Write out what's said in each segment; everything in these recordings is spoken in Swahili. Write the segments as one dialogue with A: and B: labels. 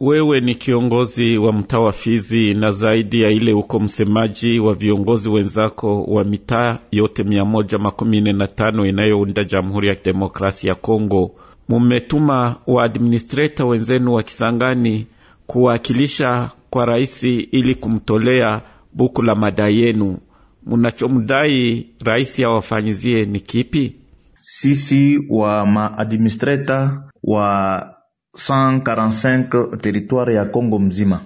A: Wewe ni kiongozi wa mtaa wa Fizi na zaidi ya ile uko msemaji wa viongozi wenzako wa mitaa yote mia moja makumi nne na tano inayounda Jamhuri ya Kidemokrasia ya Kongo. Mumetuma waadministreta wenzenu wa Kisangani kuwakilisha kwa raisi ili kumtolea buku la madai yenu. Munachomdai raisi awafanyizie ni kipi? Sisi
B: wa maadministreta wa 145 territoire ya Kongo mzima.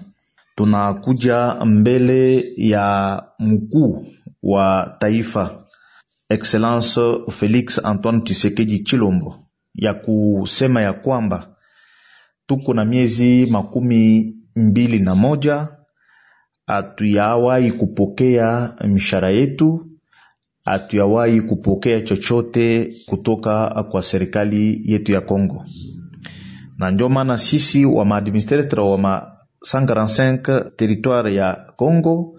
B: Tunakuja mbele ya mkuu wa taifa Excellence Felix Antoine Tshisekedi Chilombo ya kusema ya kwamba tuko na miezi makumi mbili na moja hatuyawahi kupokea mishara yetu, hatuyawahi kupokea chochote kutoka kwa serikali yetu ya Kongo na ndio maana sisi wa maadministrator wa ma 145 territoire ya Congo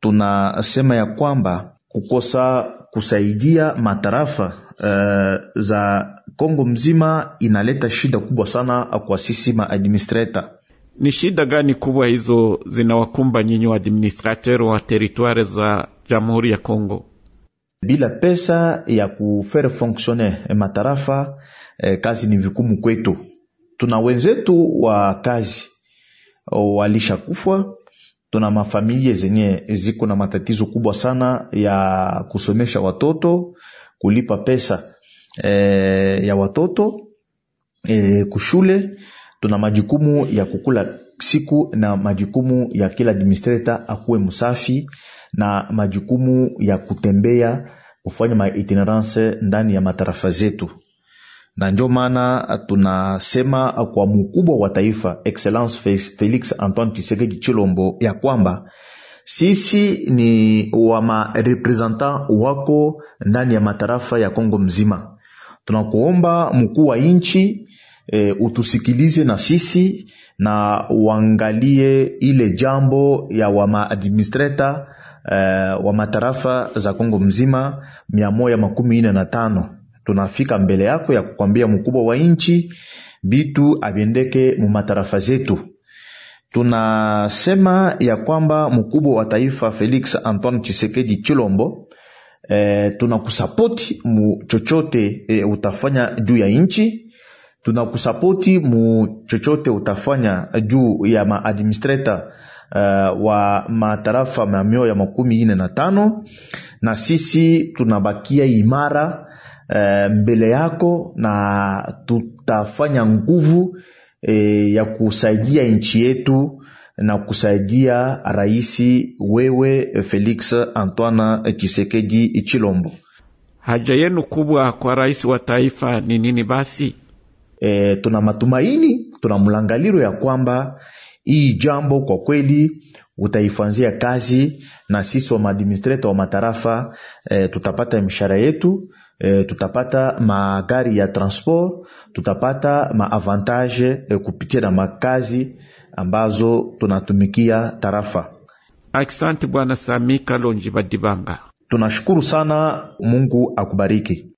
B: tunasema ya kwamba kukosa kusaidia matarafa uh, za Kongo mzima inaleta shida kubwa sana kwa sisi maadministrator.
A: Ni shida gani kubwa hizo zinawakumba nyinyi waadministrateur wa territoire za Jamhuri ya Kongo?
B: Bila pesa ya kufere fonctionner eh, matarafa eh, kazi ni vikumu kwetu tuna wenzetu wa kazi walisha kufwa tuna mafamilia zenye ziko na matatizo kubwa sana ya kusomesha watoto kulipa pesa e, ya watoto e, kushule tuna majukumu ya kukula siku na majukumu ya kila administrator akuwe msafi na majukumu ya kutembea kufanya maitinerance ndani ya matarafa zetu na ndio maana tunasema kwa mkubwa wa taifa Excellence Felix Antoine Tshisekedi Chilombo ya kwamba sisi ni wa marepresentant wako ndani ya matarafa ya Kongo mzima. Tunakuomba mkuu wa nchi e, utusikilize na sisi na uangalie ile jambo ya wa maadministrator e, wa matarafa za Kongo mzima mia moja makumi nne na tano tunafika mbele yako ya kukwambia mkubwa wa nchi bitu abiendeke mumatarafa zetu tunasema ya kwamba mkubwa wa taifa Felix Antoine Tshisekedi Chilombo e, eh, tunakusapoti mu chochote e, utafanya juu ya nchi, tunakusapoti mu chochote utafanya juu ya maadministrator uh, eh, wa matarafa mamio ya makumi ine na tano, na sisi tunabakia imara e, mbele yako na tutafanya nguvu e, ya kusaidia nchi yetu na kusaidia raisi wewe Felix Antoine Tshisekedi Chilombo.
A: Haja yenu kubwa kwa rais wa taifa ni nini basi?
B: E, tuna matumaini, tuna mlangaliro ya kwamba hii jambo kwa kweli utaifanzia kazi, na sisi wa maadministrator wa matarafa e, tutapata mishara yetu e, tutapata magari ya transport, tutapata maavantage e, kupitia na makazi ambazo tunatumikia tarafa.
A: Aksanti Bwana Sami Kalonji Badibanga,
B: tunashukuru sana. Mungu akubariki.